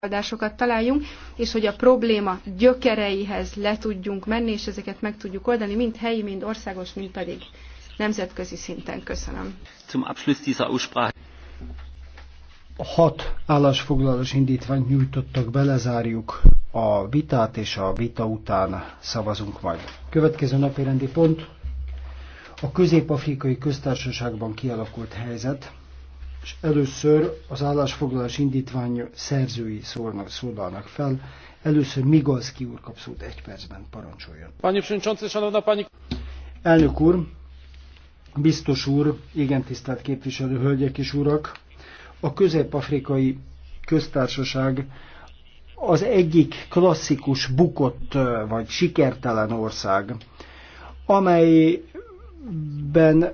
megoldásokat találjunk, és hogy a probléma gyökereihez le tudjunk menni, és ezeket meg tudjuk oldani, mind helyi, mind országos, mind pedig nemzetközi szinten. Köszönöm. Zum Abschluss dieser Aussprache. Hat állásfoglalás indítványt nyújtottak be, lezárjuk a vitát, és a vita után szavazunk majd. Következő napi rendi pont a Közép-Afrikai Köztársaságban kialakult helyzet, és először az állásfoglalás indítvány szerzői szólnak, szólalnak fel. Először Migalszki úr kap szót egy percben, parancsoljon. Pani Przewodniczący, Szanowna Elnök úr, biztos úr, igen tisztelt képviselő hölgyek és urak, a közép-afrikai köztársaság az egyik klasszikus bukott vagy sikertelen ország, amelyben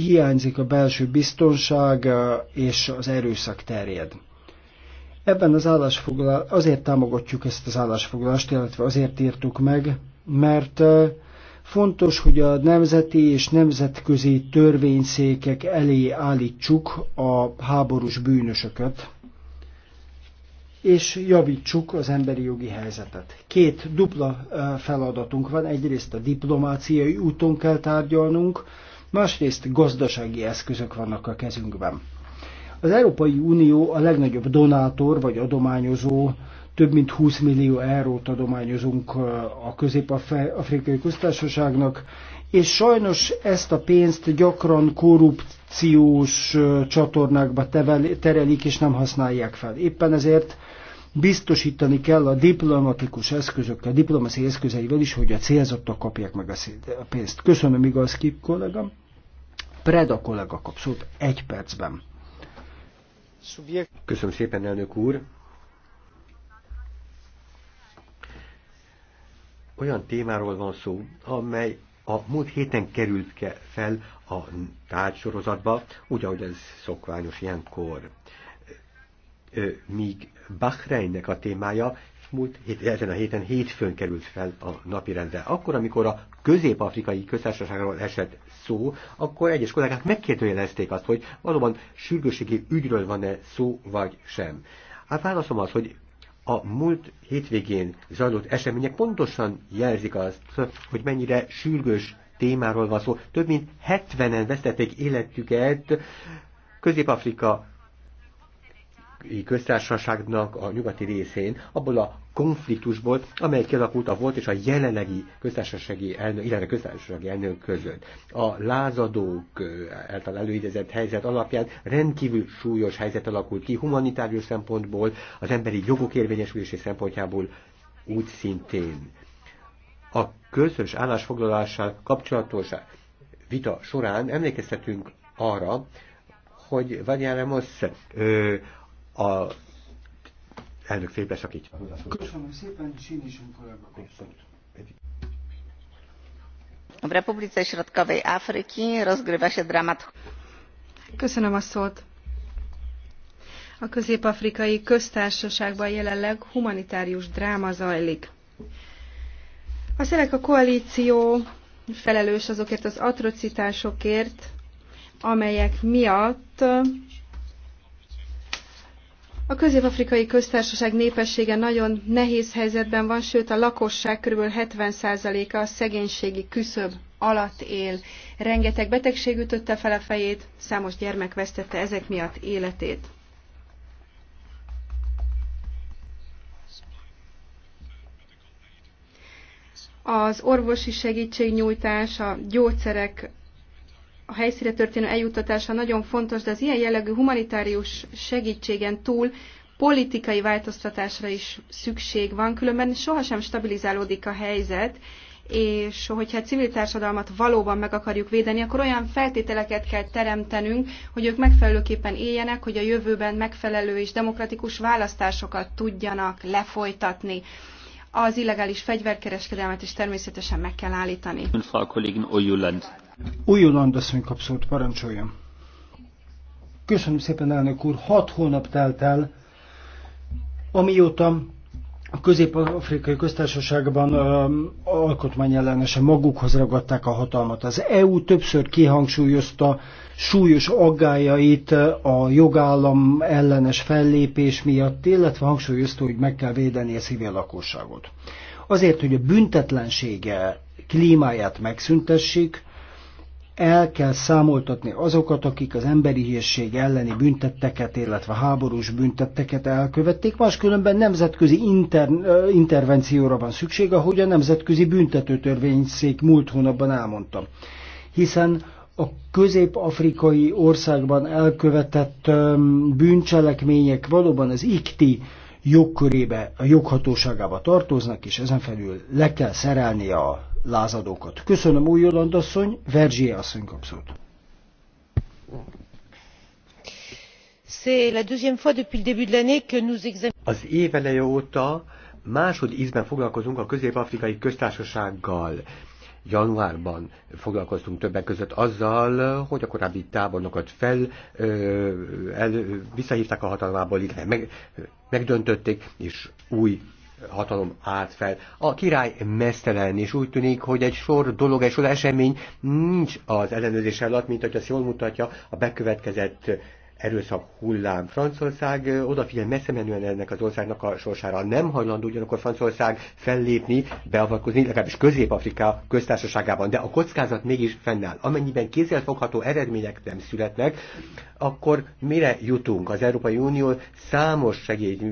hiányzik a belső biztonság, és az erőszak terjed. Ebben az állásfoglal, azért támogatjuk ezt az állásfoglalást, illetve azért írtuk meg, mert fontos, hogy a nemzeti és nemzetközi törvényszékek elé állítsuk a háborús bűnösöket, és javítsuk az emberi jogi helyzetet. Két dupla feladatunk van, egyrészt a diplomáciai úton kell tárgyalnunk, másrészt gazdasági eszközök vannak a kezünkben. Az Európai Unió a legnagyobb donátor vagy adományozó, több mint 20 millió eurót adományozunk a Közép-Afrikai Köztársaságnak, és sajnos ezt a pénzt gyakran korrupciós csatornákba terelik, és nem használják fel. Éppen ezért biztosítani kell a diplomatikus eszközökkel, diplomáciai eszközeivel is, hogy a célzottak kapják meg a pénzt. Köszönöm igaz, Kip kollega. Preda kollega kap szót egy percben. Köszönöm szépen, elnök úr. Olyan témáról van szó, amely a múlt héten került fel a tárgysorozatba, úgy, ahogy ez szokványos ilyenkor míg Bahreinnek a témája múlt hét, ezen a héten hétfőn került fel a napirendre. Akkor, amikor a közép-afrikai köztársaságról esett szó, akkor egyes kollégák megkérdőjelezték azt, hogy valóban sürgőségi ügyről van-e szó, vagy sem. A válaszom az, hogy a múlt hétvégén zajlott események pontosan jelzik azt, hogy mennyire sürgős témáról van szó. Több mint 70-en vesztették életüket Közép-Afrika köztársaságnak a nyugati részén, abból a konfliktusból, amely kialakult a volt és a jelenlegi köztársasági elnök, illetve köztársasági elnök között. A lázadók által előidezett helyzet alapján rendkívül súlyos helyzet alakult ki humanitárius szempontból, az emberi jogok érvényesülési szempontjából úgy szintén. A közös állásfoglalással kapcsolatos vita során emlékeztetünk arra, hogy Vanya Ramos a elnök félbeszakítja. Köszönöm szépen, Sinisen kollega A W Republice Środkowej Afryki rozgrywa się dramat. Köszönöm a szót. A közép-afrikai köztársaságban jelenleg humanitárius dráma zajlik. A szerek a koalíció felelős azokért az atrocitásokért, amelyek miatt a közép-afrikai köztársaság népessége nagyon nehéz helyzetben van, sőt a lakosság kb. 70%-a a szegénységi küszöb alatt él. Rengeteg betegség ütötte fel a fejét, számos gyermek vesztette ezek miatt életét. Az orvosi segítségnyújtás, a gyógyszerek a helyszíre történő eljuttatása nagyon fontos, de az ilyen jellegű humanitárius segítségen túl politikai változtatásra is szükség van, különben sohasem stabilizálódik a helyzet, és hogyha a civil társadalmat valóban meg akarjuk védeni, akkor olyan feltételeket kell teremtenünk, hogy ők megfelelőképpen éljenek, hogy a jövőben megfelelő és demokratikus választásokat tudjanak lefolytatni. Az illegális fegyverkereskedelmet is természetesen meg kell állítani. Újuland asszony kap szót, parancsoljon. Köszönöm szépen, elnök úr. Hat hónap telt el, amióta a Közép-Afrikai Köztársaságban ö, alkotmányellenesen magukhoz ragadták a hatalmat. Az EU többször kihangsúlyozta súlyos aggájait a jogállam ellenes fellépés miatt, illetve hangsúlyozta, hogy meg kell védeni a civil lakosságot. Azért, hogy a büntetlensége klímáját megszüntessék, el kell számoltatni azokat, akik az emberi hírség elleni büntetteket, illetve háborús büntetteket elkövették, máskülönben nemzetközi inter, intervencióra van szükség, ahogy a Nemzetközi Büntetőtörvényszék múlt hónapban elmondta. Hiszen a közép-afrikai országban elkövetett bűncselekmények valóban az IKTI jogkörébe, a joghatóságába tartoznak, és ezen felül le kell szerelni a lázadókat. Köszönöm új Joland asszony, Verzsie asszony kapszót. Az év eleje óta másod ízben foglalkozunk a közép-afrikai köztársasággal januárban foglalkoztunk többek között azzal, hogy a korábbi tábornokat fel el, visszahívták a hatalmából, illetve meg, megdöntötték, és új hatalom állt fel. A király mesztelen, és úgy tűnik, hogy egy sor dolog, egy sor esemény nincs az ellenőrzés alatt, mint hogy azt jól mutatja a bekövetkezett erőszak hullám. Franciaország odafigyel messze menően ennek az országnak a sorsára. Nem hajlandó ugyanakkor Franciaország fellépni, beavatkozni, legalábbis Közép-Afrika köztársaságában, de a kockázat mégis fennáll. Amennyiben kézzelfogható eredmények nem születnek, akkor mire jutunk? Az Európai Unió számos segélyt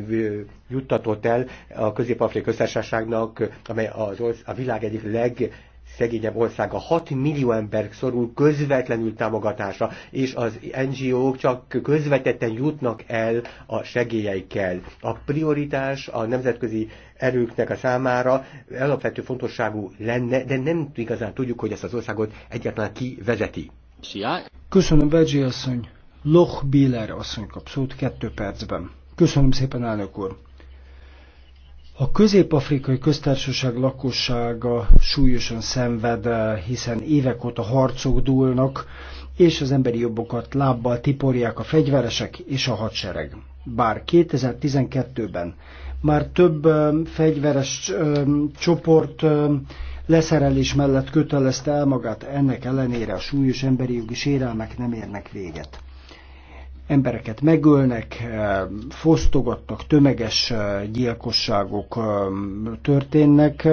juttatott el a közép afrika Köztársaságnak, amely az, a világ egyik leg legszegényebb a 6 millió ember szorul közvetlenül támogatásra, és az NGO-k csak közvetetten jutnak el a segélyeikkel. A prioritás a nemzetközi erőknek a számára alapvető fontosságú lenne, de nem igazán tudjuk, hogy ezt az országot egyáltalán ki vezeti. Köszönöm, Vegyi asszony. Loch Biller asszony kap szót kettő percben. Köszönöm szépen, elnök úr. A közép-afrikai köztársaság lakossága súlyosan szenved, hiszen évek óta harcok dúlnak, és az emberi jobbokat lábbal tiporják a fegyveresek és a hadsereg. Bár 2012-ben már több fegyveres csoport leszerelés mellett kötelezte el magát, ennek ellenére a súlyos emberi jogi sérelmek nem érnek véget embereket megölnek, eh, fosztogatnak, tömeges eh, gyilkosságok eh, történnek,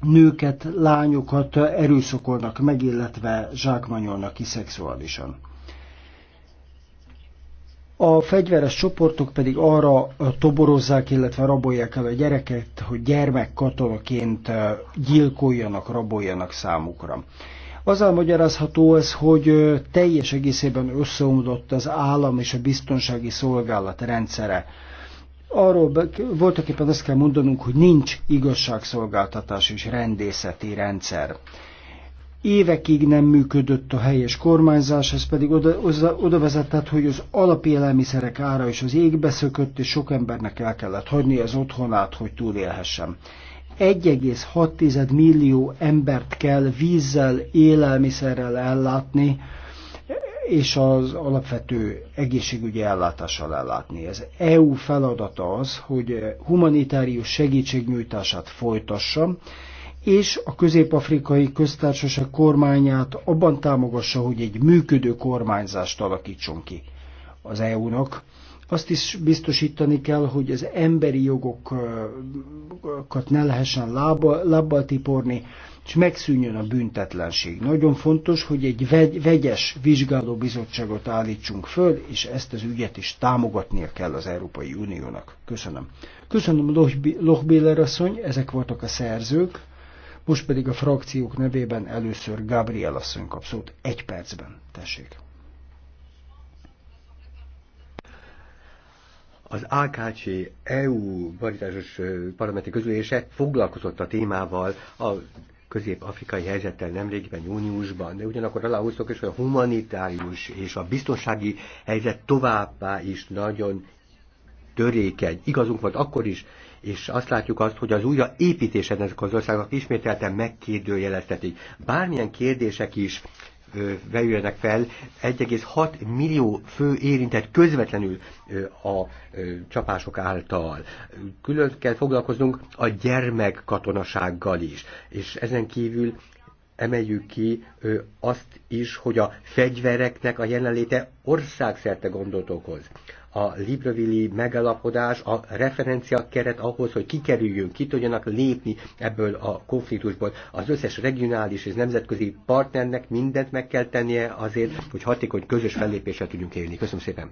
nőket, lányokat erőszakolnak meg, illetve zsákmányolnak ki szexuálisan. A fegyveres csoportok pedig arra toborozzák, illetve rabolják el a gyereket, hogy gyermekkatonaként gyilkoljanak, raboljanak számukra. Azzal magyarázható ez, hogy teljes egészében összeomlott az állam és a biztonsági szolgálat rendszere. Arról voltak éppen azt kell mondanunk, hogy nincs igazságszolgáltatás és rendészeti rendszer. Évekig nem működött a helyes kormányzás, ez pedig oda, oda, oda vezetett, hogy az alapélelmiszerek ára is az égbe szökött, és sok embernek el kellett hagyni az otthonát, hogy túlélhessen. 1,6 millió embert kell vízzel, élelmiszerrel ellátni, és az alapvető egészségügyi ellátással ellátni. Ez EU feladata az, hogy humanitárius segítségnyújtását folytassa, és a közép-afrikai köztársaság kormányát abban támogassa, hogy egy működő kormányzást alakítson ki az EU-nak, azt is biztosítani kell, hogy az emberi jogokat ne lehessen lába, lábbal tiporni, és megszűnjön a büntetlenség. Nagyon fontos, hogy egy vegy, vegyes vizsgálóbizottságot állítsunk föl, és ezt az ügyet is támogatnia kell az Európai Uniónak. Köszönöm. Köszönöm, Lochbiller asszony, ezek voltak a szerzők, most pedig a frakciók nevében először Gabriel asszony kap szót egy percben. Tessék. az AKC EU baritásos parlamenti közülése foglalkozott a témával, a közép-afrikai helyzettel nemrégiben júniusban, de ugyanakkor aláhúztok is, hogy a humanitárius és a biztonsági helyzet továbbá is nagyon törékeny. Igazunk volt akkor is, és azt látjuk azt, hogy az újra építésen ezek az országok ismételten megkérdőjeleztetik. Bármilyen kérdések is beüljenek fel, 1,6 millió fő érintett közvetlenül a csapások által. Külön kell foglalkoznunk a gyermek katonasággal is, és ezen kívül emeljük ki azt is, hogy a fegyvereknek a jelenléte országszerte gondot okoz a Libreville megalapodás a referencia keret ahhoz, hogy kikerüljünk, ki tudjanak lépni ebből a konfliktusból. Az összes regionális és nemzetközi partnernek mindent meg kell tennie azért, hogy hatékony közös fellépéssel tudjunk élni. Köszönöm szépen.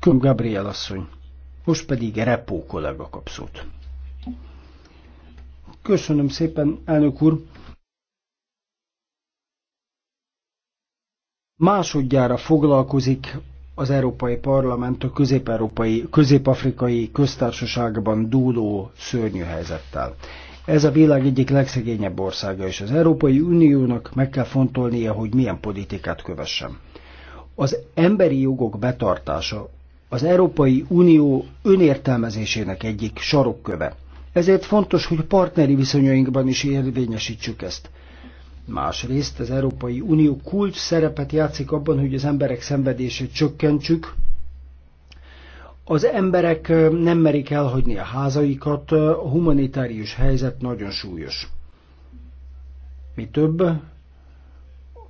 Köm Gabriel asszony. Most pedig Repó kollega kap szót. Köszönöm szépen, elnök úr. másodjára foglalkozik az Európai Parlament a közép-európai, közép-afrikai köztársaságban dúló szörnyű helyzettel. Ez a világ egyik legszegényebb országa, és az Európai Uniónak meg kell fontolnia, hogy milyen politikát kövessen. Az emberi jogok betartása az Európai Unió önértelmezésének egyik sarokköve. Ezért fontos, hogy partneri viszonyainkban is érvényesítsük ezt. Másrészt az Európai Unió kulcs szerepet játszik abban, hogy az emberek szenvedését csökkentsük, az emberek nem merik elhagyni a házaikat, a humanitárius helyzet nagyon súlyos. Mi több,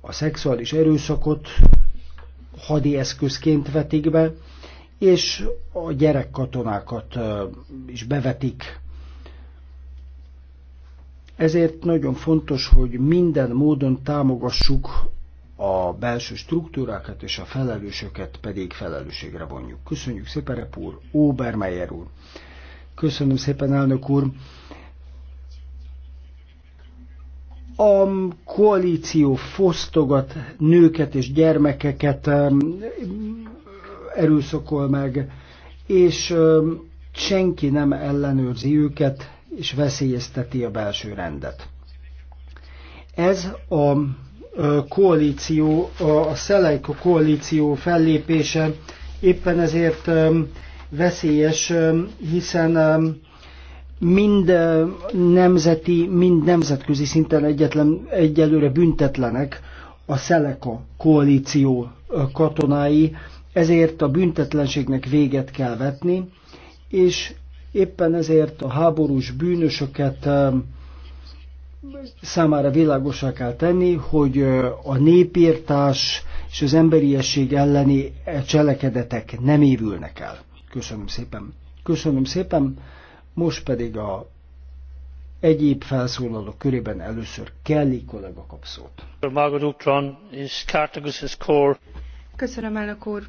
a szexuális erőszakot hadi eszközként vetik be, és a gyerekkatonákat is bevetik ezért nagyon fontos, hogy minden módon támogassuk a belső struktúrákat és a felelősöket pedig felelősségre vonjuk. Köszönjük szépen, Rep úr, Obermeyer úr. Köszönöm szépen, elnök úr. A koalíció fosztogat nőket és gyermekeket, erőszakol meg, és senki nem ellenőrzi őket, és veszélyezteti a belső rendet. Ez a koalíció, a Szelejko koalíció fellépése éppen ezért veszélyes, hiszen mind nemzeti, mind nemzetközi szinten egyetlen, egyelőre büntetlenek a Szeleka koalíció katonái, ezért a büntetlenségnek véget kell vetni, és Éppen ezért a háborús bűnösöket számára világosá kell tenni, hogy a népírtás és az emberiesség elleni e, cselekedetek nem évülnek el. Köszönöm szépen. Köszönöm szépen. Most pedig a egyéb felszólalók körében először Kelly kollega kap szót. Köszönöm, elnök úr.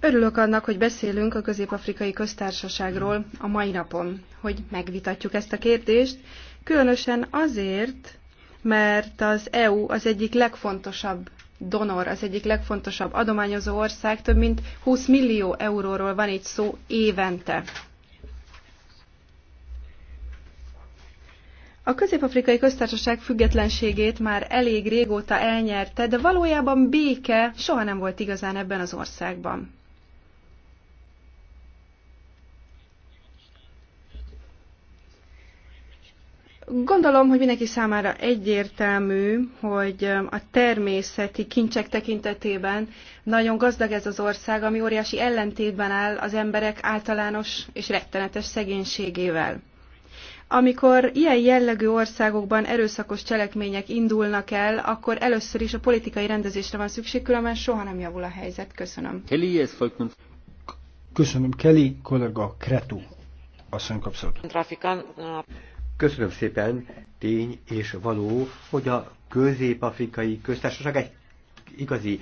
Örülök annak, hogy beszélünk a Közép-Afrikai Köztársaságról a mai napon, hogy megvitatjuk ezt a kérdést, különösen azért, mert az EU az egyik legfontosabb donor, az egyik legfontosabb adományozó ország, több mint 20 millió euróról van itt szó évente. A közép-afrikai köztársaság függetlenségét már elég régóta elnyerte, de valójában béke soha nem volt igazán ebben az országban. Gondolom, hogy mindenki számára egyértelmű, hogy um, a természeti kincsek tekintetében nagyon gazdag ez az ország, ami óriási ellentétben áll az emberek általános és rettenetes szegénységével. Amikor ilyen jellegű országokban erőszakos cselekmények indulnak el, akkor először is a politikai rendezésre van szükség, különben soha nem javul a helyzet. Köszönöm. Kelly, ez Köszönöm, Kelly kollega Kretu. Asszony kapszott. Uh, Köszönöm szépen, tény és való, hogy a közép-afrikai köztársaság egy igazi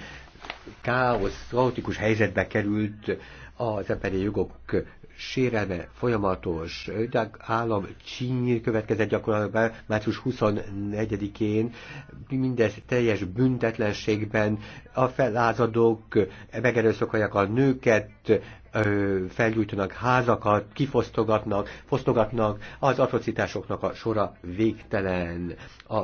káosz, kaotikus helyzetbe került az emberi jogok sérelme folyamatos. de állam csíny következett gyakorlatilag március 24-én, mindez teljes büntetlenségben a felázadók megerőszakolják a nőket, felgyújtanak házakat, kifosztogatnak, fosztogatnak, az atrocitásoknak a sora végtelen. A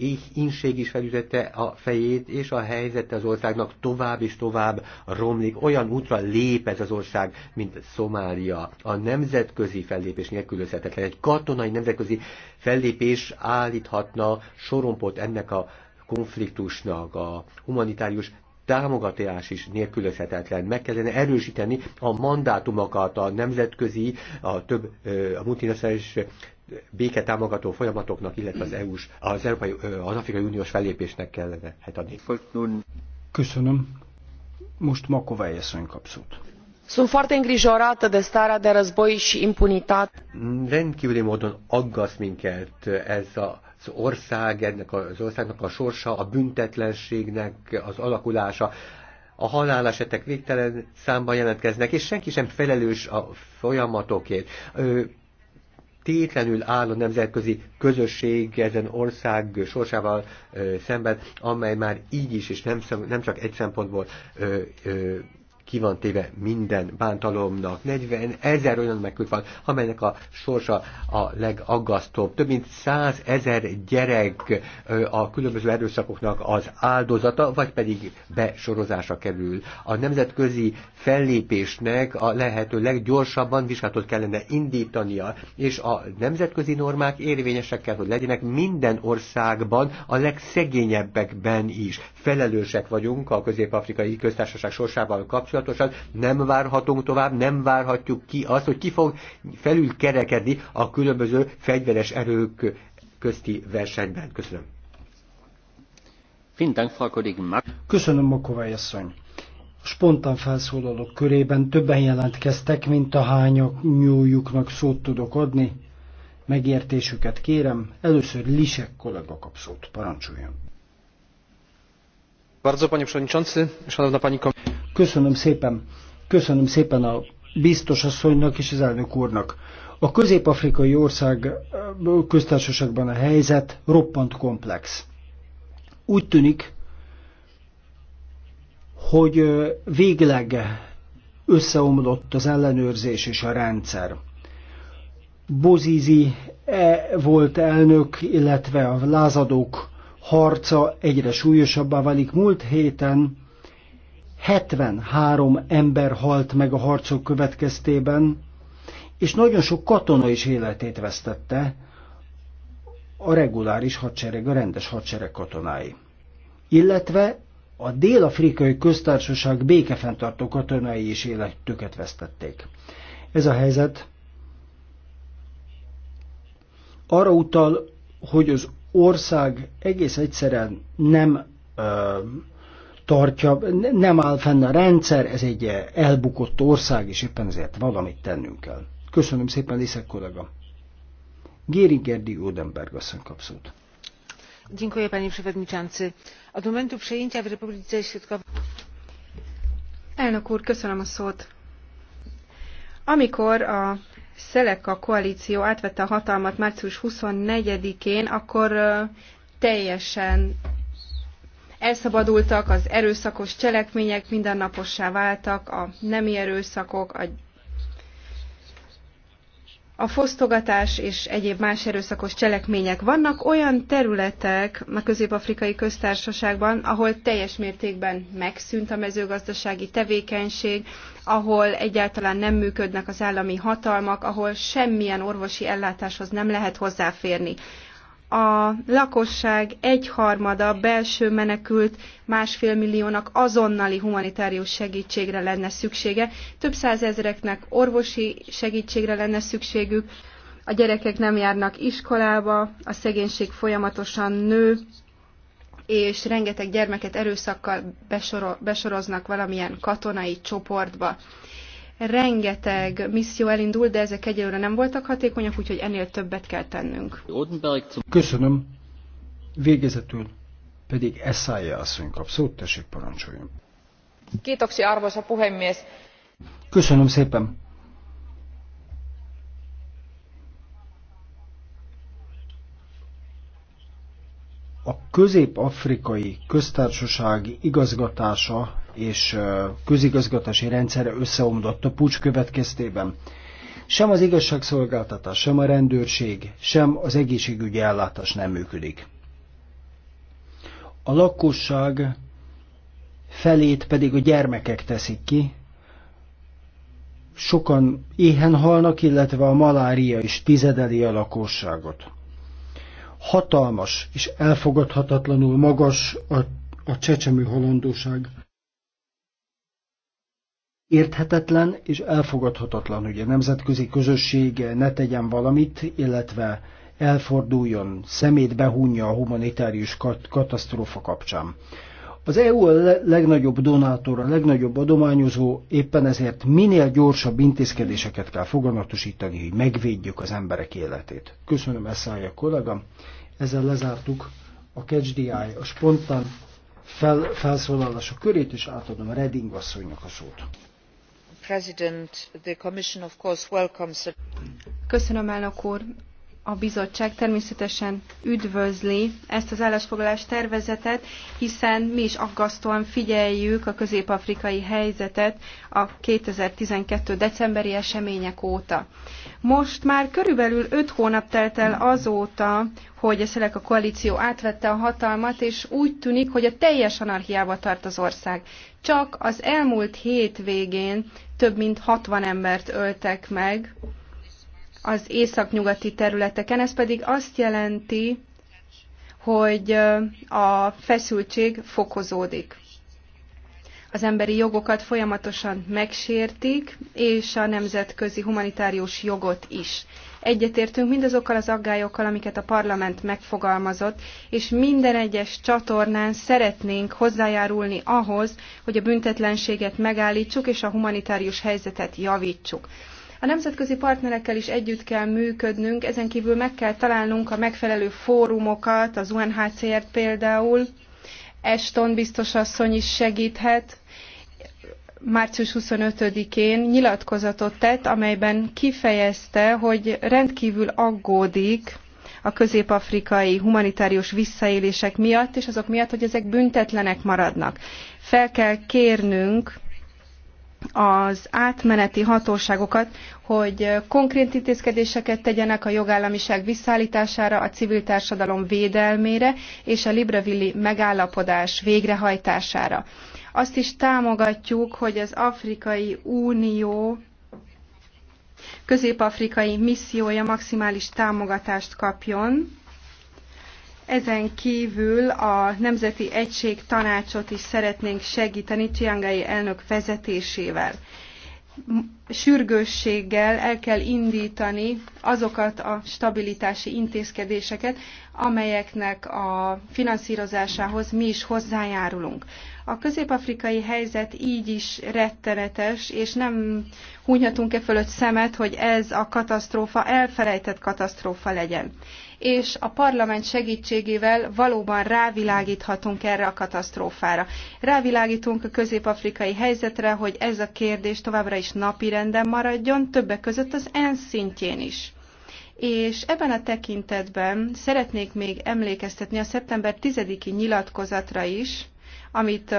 így ínség is felütette a fejét, és a helyzete az országnak tovább és tovább romlik. Olyan útra lép ez az ország, mint Szomália. A nemzetközi fellépés nélkülözhetetlen. Egy katonai nemzetközi fellépés állíthatna sorompot ennek a konfliktusnak, a humanitárius támogatás is nélkülözhetetlen. Meg kellene erősíteni a mandátumokat a nemzetközi, a több a multinacionális béketámogató folyamatoknak, illetve az EU-s, az Európai, az Afrikai Uniós fellépésnek kellene hát adni. Köszönöm. Most Makovely asszony kapszót. Sunt foarte îngrijorată de starea de război și impunitate. Rendkívüli módon aggaszt minket ez a az ország, ennek az országnak a sorsa, a büntetlenségnek az alakulása, a halálesetek végtelen számban jelentkeznek, és senki sem felelős a folyamatokért tétlenül áll a nemzetközi közösség ezen ország sorsával szemben, amely már így is, és nem, nem csak egy szempontból ki van téve minden bántalomnak. 40 ezer olyan megkült van, amelynek a sorsa a legaggasztóbb. Több mint 100 ezer gyerek a különböző erőszakoknak az áldozata, vagy pedig besorozása kerül. A nemzetközi fellépésnek a lehető leggyorsabban vizsgálatot kellene indítania, és a nemzetközi normák érvényesek kell, hogy legyenek minden országban, a legszegényebbekben is. Felelősek vagyunk a közép-afrikai köztársaság sorsával kapcsolatban, kapcsolatosan nem várhatunk tovább, nem várhatjuk ki azt, hogy ki fog felül kerekedni a különböző fegyveres erők közti versenyben. Köszönöm. Köszönöm, Makovály asszony. Spontán felszólalók körében többen jelentkeztek, mint a hányak nyújuknak szót tudok adni. Megértésüket kérem, először Lisek kollega kap szót, parancsoljon. Bardzo, panie przewodniczący, szanowna pani komisarz. Köszönöm szépen. Köszönöm szépen a biztos asszonynak és az elnök úrnak. A közép-afrikai ország köztársaságban a helyzet roppant komplex. Úgy tűnik, hogy végleg összeomlott az ellenőrzés és a rendszer. Bozizi e volt elnök, illetve a lázadók harca egyre súlyosabbá válik. Múlt héten 73 ember halt meg a harcok következtében, és nagyon sok katona is életét vesztette, a reguláris hadsereg, a rendes hadsereg katonái. Illetve a Dél-Afrikai Köztársaság békefenntartó katonái is életüket vesztették. Ez a helyzet arra utal, hogy az ország egész egyszerűen nem ö, tartja, nem áll fenn a rendszer, ez egy elbukott ország, és éppen ezért valamit tennünk kell. Köszönöm szépen, Liszek kollega. Géri Gerdi Odenberg asszony kap Dziękuję, panie przewodniczący. Od momentu przejęcia w Republice Środkowej... Elnök úr, köszönöm a szót. Amikor a Szeleka koalíció átvette a hatalmat március 24-én, akkor teljesen elszabadultak az erőszakos cselekmények, mindennapossá váltak a nemi erőszakok, a a fosztogatás és egyéb más erőszakos cselekmények. Vannak olyan területek a közép-afrikai köztársaságban, ahol teljes mértékben megszűnt a mezőgazdasági tevékenység, ahol egyáltalán nem működnek az állami hatalmak, ahol semmilyen orvosi ellátáshoz nem lehet hozzáférni a lakosság egyharmada belső menekült másfél milliónak azonnali humanitárius segítségre lenne szüksége, több százezreknek orvosi segítségre lenne szükségük, a gyerekek nem járnak iskolába, a szegénység folyamatosan nő, és rengeteg gyermeket erőszakkal besoroznak valamilyen katonai csoportba rengeteg misszió elindult, de ezek egyelőre nem voltak hatékonyak, úgyhogy ennél többet kell tennünk. Köszönöm. Végezetül pedig Eszája asszony kap szót, tessék parancsoljon. Kiitoksia, arvoisa puhemies. Köszönöm szépen. a közép-afrikai köztársaság igazgatása és közigazgatási rendszere összeomlott a pucs következtében. Sem az igazságszolgáltatás, sem a rendőrség, sem az egészségügyi ellátás nem működik. A lakosság felét pedig a gyermekek teszik ki, sokan éhen halnak, illetve a malária is tizedeli a lakosságot hatalmas és elfogadhatatlanul magas a, a csecsemő halandóság. Érthetetlen és elfogadhatatlan, hogy a nemzetközi közösség ne tegyen valamit, illetve elforduljon, szemét behúnya a humanitárius katasztrófa kapcsán. Az EU a legnagyobb donátor, a legnagyobb adományozó, éppen ezért minél gyorsabb intézkedéseket kell foganatosítani, hogy megvédjük az emberek életét. Köszönöm, Eszája kollega. Ezzel lezártuk a KDI, a spontán fel, felszólalása körét, és átadom Reding asszonynak a szót. President, the Commission of course welcomes... Köszönöm, elnök úr a bizottság természetesen üdvözli ezt az állásfoglalás tervezetet, hiszen mi is aggasztóan figyeljük a közép-afrikai helyzetet a 2012. decemberi események óta. Most már körülbelül öt hónap telt el azóta, hogy a Szelek a koalíció átvette a hatalmat, és úgy tűnik, hogy a teljes anarchiába tart az ország. Csak az elmúlt hét végén több mint 60 embert öltek meg, az északnyugati területeken. Ez pedig azt jelenti, hogy a feszültség fokozódik. Az emberi jogokat folyamatosan megsértik, és a nemzetközi humanitárius jogot is. Egyetértünk mindazokkal az aggályokkal, amiket a parlament megfogalmazott, és minden egyes csatornán szeretnénk hozzájárulni ahhoz, hogy a büntetlenséget megállítsuk és a humanitárius helyzetet javítsuk. A nemzetközi partnerekkel is együtt kell működnünk, ezen kívül meg kell találnunk a megfelelő fórumokat, az UNHCR-t például, Eston biztos asszony is segíthet, március 25-én nyilatkozatot tett, amelyben kifejezte, hogy rendkívül aggódik a közép-afrikai humanitárius visszaélések miatt, és azok miatt, hogy ezek büntetlenek maradnak. Fel kell kérnünk az átmeneti hatóságokat, hogy konkrét intézkedéseket tegyenek a jogállamiság visszaállítására, a civil társadalom védelmére és a Libreville megállapodás végrehajtására. Azt is támogatjuk, hogy az Afrikai Unió közép-afrikai missziója maximális támogatást kapjon, ezen kívül a Nemzeti Egység Tanácsot is szeretnénk segíteni Csiangai elnök vezetésével. Sürgősséggel el kell indítani azokat a stabilitási intézkedéseket, amelyeknek a finanszírozásához mi is hozzájárulunk. A közép-afrikai helyzet így is rettenetes, és nem hunyhatunk e fölött szemet, hogy ez a katasztrófa elfelejtett katasztrófa legyen és a parlament segítségével valóban rávilágíthatunk erre a katasztrófára. Rávilágítunk a közép-afrikai helyzetre, hogy ez a kérdés továbbra is napirenden maradjon, többek között az ENSZ szintjén is és ebben a tekintetben szeretnék még emlékeztetni a szeptember 10-i nyilatkozatra is, amit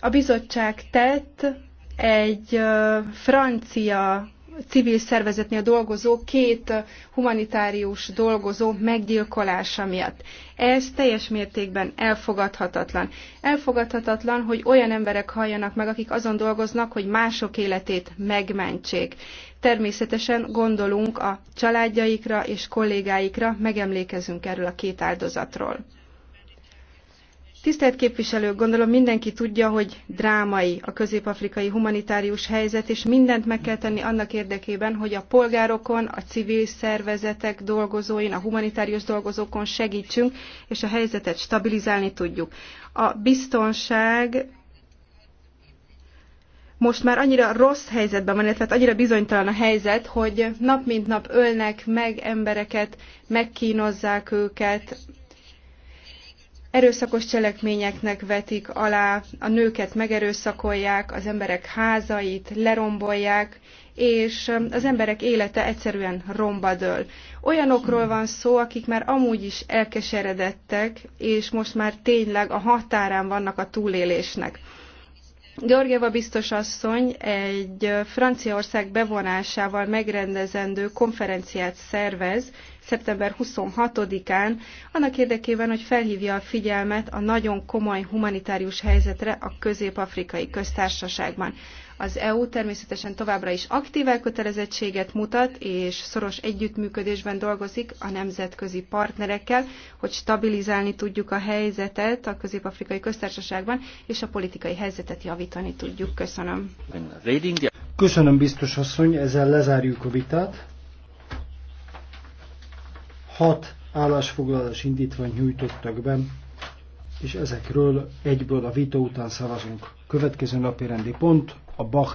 a bizottság tett egy francia civil szervezetnél dolgozó két humanitárius dolgozó meggyilkolása miatt. Ez teljes mértékben elfogadhatatlan. Elfogadhatatlan, hogy olyan emberek halljanak meg, akik azon dolgoznak, hogy mások életét megmentsék. Természetesen gondolunk a családjaikra és kollégáikra, megemlékezünk erről a két áldozatról. Tisztelt képviselők, gondolom mindenki tudja, hogy drámai a közép-afrikai humanitárius helyzet, és mindent meg kell tenni annak érdekében, hogy a polgárokon, a civil szervezetek dolgozóin, a humanitárius dolgozókon segítsünk, és a helyzetet stabilizálni tudjuk. A biztonság most már annyira rossz helyzetben van, illetve hát annyira bizonytalan a helyzet, hogy nap mint nap ölnek meg embereket, megkínozzák őket, erőszakos cselekményeknek vetik alá, a nőket megerőszakolják, az emberek házait lerombolják, és um, az emberek élete egyszerűen dől. Olyanokról van szó, akik már amúgy is elkeseredettek, és most már tényleg a határán vannak a túlélésnek. Georgieva biztos asszony egy Franciaország bevonásával megrendezendő konferenciát szervez szeptember 26-án, annak érdekében, hogy felhívja a figyelmet a nagyon komoly humanitárius helyzetre a közép-afrikai köztársaságban. Az EU természetesen továbbra is aktív elkötelezettséget mutat, és szoros együttműködésben dolgozik a nemzetközi partnerekkel, hogy stabilizálni tudjuk a helyzetet a közép-afrikai köztársaságban, és a politikai helyzetet javítani tudjuk. Köszönöm. Köszönöm, biztos asszony, ezzel lezárjuk a vitát. Hat állásfoglalás indítvány nyújtottak be és ezekről egyből a vita után szavazunk. Következő napi rendi pont a Bach